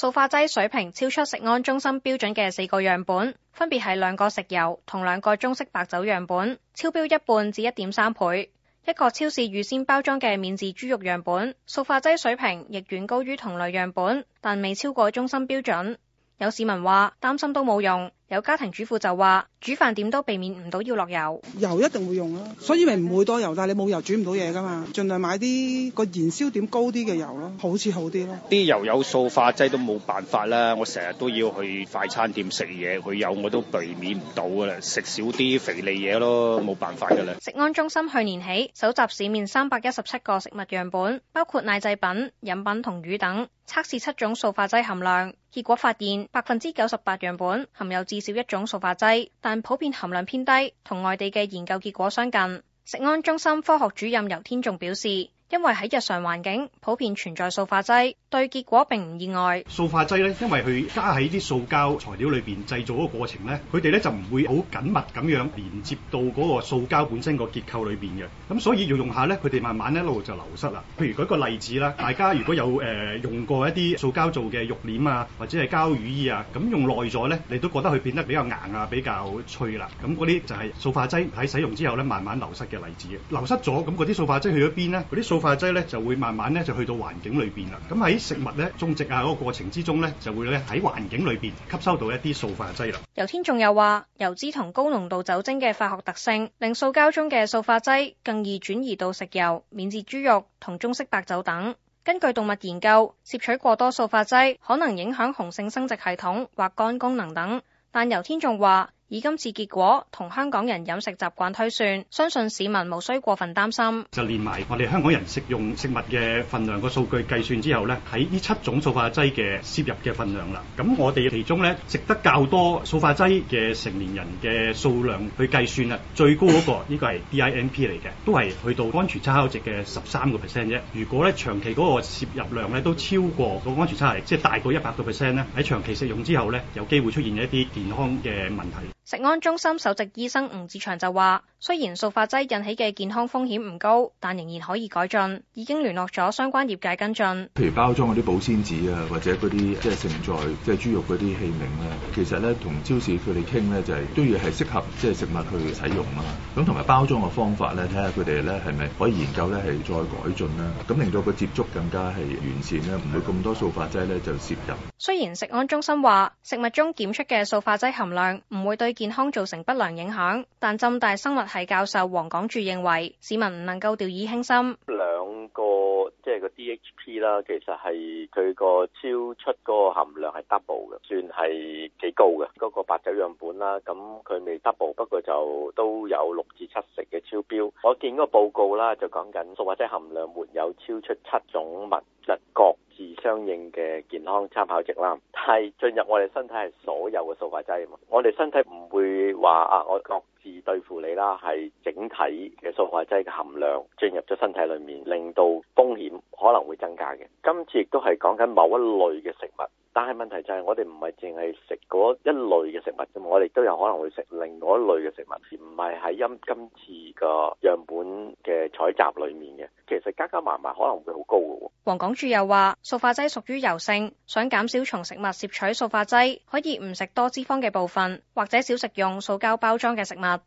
塑化劑水平超出食安中心標準嘅四個樣本，分別係兩個食油同兩個中式白酒樣本，超標一半至一點三倍。一個超市預先包裝嘅免治豬肉樣本，塑化劑水平亦遠高於同類樣本，但未超過中心標準。有市民話：擔心都冇用。有家庭主婦就話，煮飯點都避免唔到要落油，油一定會用啦，所以咪唔會多油，但係你冇油煮唔到嘢噶嘛，盡量買啲個燃燒點高啲嘅油咯，好似好啲咯。啲油有塑化劑都冇辦法啦，我成日都要去快餐店食嘢，佢有我都避免唔到噶啦，食少啲肥膩嘢咯，冇辦法噶啦。食安中心去年起搜集市面三百一十七個食物樣本，包括奶製品、飲品同魚等，測試七種塑化劑含量，結果發現百分之九十八樣本含有至。至少一種塑化劑，但普遍含量偏低，同外地嘅研究結果相近。食安中心科學主任尤天仲表示，因為喺日常環境普遍存在塑化劑，對結果並唔意外。塑化劑咧，因為佢加喺啲塑膠材料裏邊製造嘅過程咧，佢哋咧就唔會好緊密咁樣連接到嗰個塑膠本身個結構裏邊嘅。咁所以要用下咧，佢哋慢慢一路就流失啦。譬如舉個例子啦，大家如果有誒用過一啲塑膠做嘅浴簾啊，或者係膠雨衣啊，咁用耐咗咧，你都覺得佢變得比較硬啊，比較脆啦。咁嗰啲就係塑化劑喺使用之後咧，慢慢流失嘅例子。流失咗，咁嗰啲塑化劑去咗邊咧？嗰啲塑化劑咧就會慢慢咧就去到環境裏邊啦。咁喺食物咧，種植啊個過程之中咧，就會咧喺環境裏邊吸收到一啲塑化劑啦。游天仲又話，油脂同高濃度酒精嘅化學特性，令塑膠中嘅塑化劑更易轉移到食油、免治豬肉同中式白酒等。根據動物研究，攝取過多塑化劑可能影響雄性生殖系統或肝功能等。但游天仲話。以今次結果同香港人飲食習慣推算，相信市民無需過分擔心。就連埋我哋香港人食用食物嘅份量個數據計算之後咧，喺呢七種塑化劑嘅攝入嘅份量啦，咁我哋其中咧食得較多塑化劑嘅成年人嘅數量去計算啦，最高嗰個呢個係 DMP 嚟嘅，都係去到安全參考值嘅十三個 percent 啫。如果咧長期嗰個攝入量咧都超過嗰個安全參考值，即係大過一百個 percent 咧，喺長期食用之後咧，有機會出現一啲健康嘅問題。食安中心首席醫生吳志祥就話。雖然塑化劑引起嘅健康風險唔高，但仍然可以改進。已經聯絡咗相關業界跟進。譬如包裝嗰啲保鮮紙啊，或者嗰啲即係盛載即係豬肉嗰啲器皿咧，其實咧同超市佢哋傾咧就係、是、都要係適合即係食物去使用啊。咁同埋包裝嘅方法咧，睇下佢哋咧係咪可以研究咧係再改進啦。咁令到個接觸更加係完善啦，唔會咁多塑化劑咧就攝入。雖然食安中心話食物中檢出嘅塑化劑含量唔會對健康造成不良影響，但浸大生物係教授黃港柱認為市民唔能夠掉以輕心。兩個即係、就是、個 DHP 啦，其實係佢個超出嗰個含量係 double 嘅，算係幾高嘅。嗰、那個白酒樣本啦，咁佢未 double，不過就都有六至七成嘅超標。我見嗰個報告啦，就講緊塑化劑含量沒有超出七種物質各自相應嘅健康參考值啦。但係進入我哋身體係所有嘅塑化劑啊嘛，我哋身體唔會話啊我。我自對付你啦，係整體嘅塑化劑嘅含量進入咗身體裏面，令到風險可能會增加嘅。今次亦都係講緊某一類嘅食物，但係問題就係我哋唔係淨係食嗰一類嘅食物啫嘛，我哋都有可能會食另外一類嘅食物，而唔係喺今次個樣本嘅採集裏面嘅。其實加加埋埋可能會好高嘅喎。黃廣柱又話塑化劑屬於油性，想減少從食物攝取塑化劑，可以唔食多脂肪嘅部分，或者少食用塑膠包裝嘅食物。